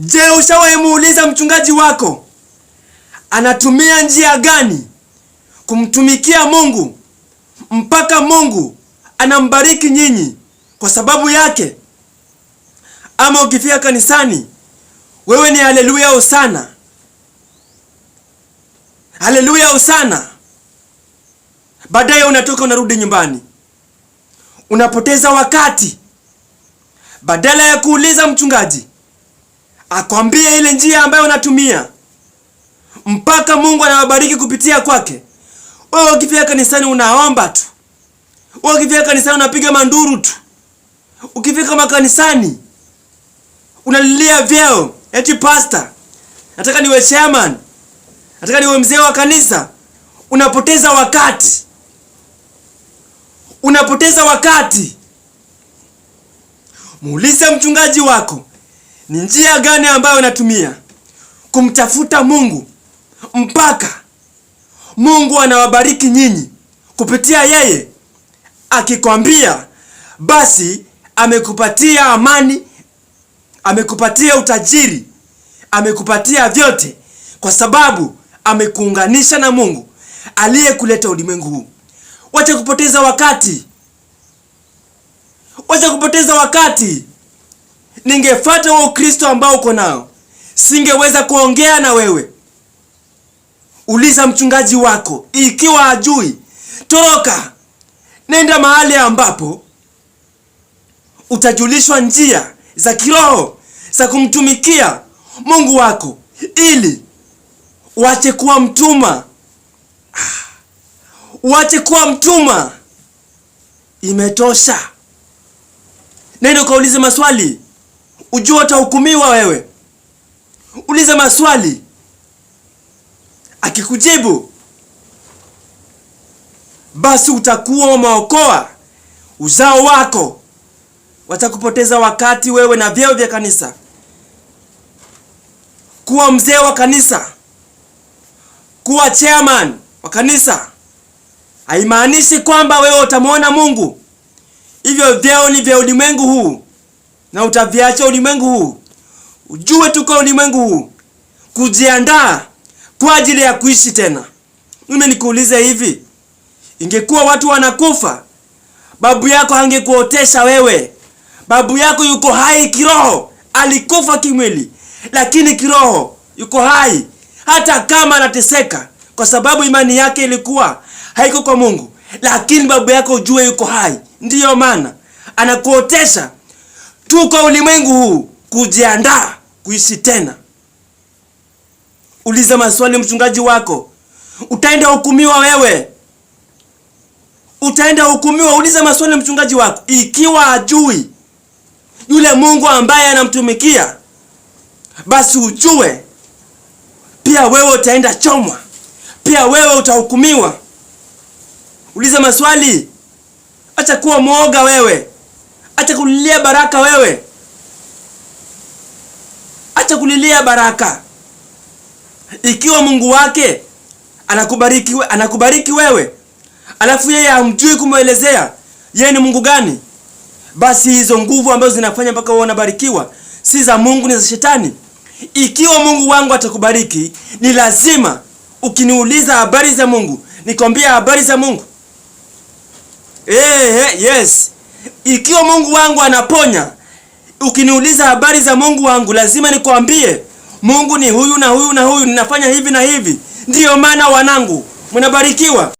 Je, ushawahi muuliza mchungaji wako anatumia njia gani kumtumikia Mungu mpaka Mungu anambariki nyinyi kwa sababu yake? Ama ukifika kanisani wewe ni haleluya usana haleluya usana baadaye unatoka unarudi nyumbani, unapoteza wakati badala ya kuuliza mchungaji akwambie ile njia ambayo unatumia mpaka Mungu anawabariki kupitia kwake. Wewe ukifika kanisani unaomba tu, wewe ukifika kanisani unapiga manduru tu, ukifika makanisani unalilia vyeo, eti pastor, nataka niwe chairman, nataka niwe mzee wa kanisa. Unapoteza wakati, unapoteza wakati. Muulize mchungaji wako ni njia gani ambayo unatumia kumtafuta Mungu mpaka Mungu anawabariki nyinyi kupitia yeye, akikwambia basi amekupatia amani, amekupatia utajiri, amekupatia vyote, kwa sababu amekuunganisha na Mungu aliyekuleta ulimwengu huu. Wacha kupoteza wakati, wacha kupoteza wakati ningefuata huo Kristo ambao uko nao, singeweza kuongea na wewe. Uliza mchungaji wako, ikiwa ajui toroka, nenda mahali ambapo utajulishwa njia za kiroho za kumtumikia Mungu wako ili uache kuwa mtumwa, ah, uache kuwa mtumwa. Imetosha, nenda ukaulize maswali ujua utahukumiwa wewe. Uliza maswali, akikujibu basi utakuwa umeokoa uzao wako. Watakupoteza wakati wewe na vyeo vya kanisa, kuwa mzee wa kanisa, kuwa chairman wa kanisa haimaanishi kwamba wewe utamwona Mungu. Hivyo vyeo ni vya ulimwengu huu na utaviacha ulimwengu huu. Ujue tuko ulimwengu huu kujiandaa kwa ajili ya kuishi tena. Mimi nikuulize hivi, ingekuwa watu wanakufa, babu yako angekuotesha wewe. Babu yako yuko hai kiroho, alikufa kimwili, lakini kiroho yuko hai, hata kama anateseka kwa sababu imani yake ilikuwa haiko kwa Mungu, lakini babu yako ujue yuko hai. Ndiyo maana anakuotesha tuko ulimwengu huu kujiandaa kuishi tena. Uliza maswali mchungaji wako, utaenda hukumiwa wewe, utaenda hukumiwa. Uliza maswali mchungaji wako, ikiwa ajui yule Mungu ambaye anamtumikia, basi ujue pia wewe utaenda chomwa, pia wewe utahukumiwa. Uliza maswali, acha kuwa mwoga wewe acha kulilia baraka wewe, acha kulilia baraka. Ikiwa Mungu wake anakubariki, anakubariki wewe alafu yeye hamjui kumwelezea yeye ni Mungu gani, basi hizo nguvu ambazo zinafanya mpaka wewe unabarikiwa si za Mungu, ni za Shetani. Ikiwa Mungu wangu atakubariki, ni lazima ukiniuliza habari za Mungu nikwambia habari za Mungu. Hey, eh, eh, hey, yes ikiwa Mungu wangu anaponya, ukiniuliza habari za Mungu wangu, lazima nikwambie Mungu ni huyu na huyu na huyu, ninafanya hivi na hivi. Ndiyo maana wanangu mnabarikiwa.